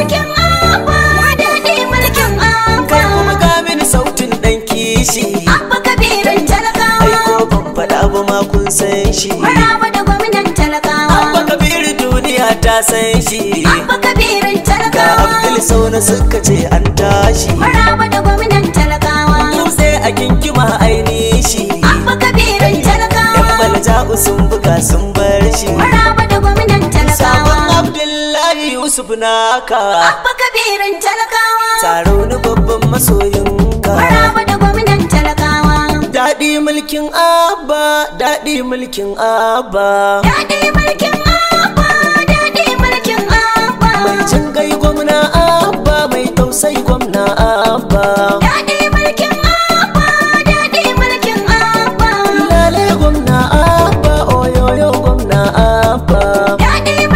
mulkin abba daɗi mulkin mini sautin ɗan kishi ma kun san duniya ta san shi suka ce an tashi maraba da gwamnan talakawa a kinkima ainihi shi abba kabirin talakawa yan sun buga sun buga yusuf ka. abba kabirin talakawa taro na babban masoyinka maraba da gwamnan talakawa daɗi mulkin abba daɗi mulkin abba daɗi mulkin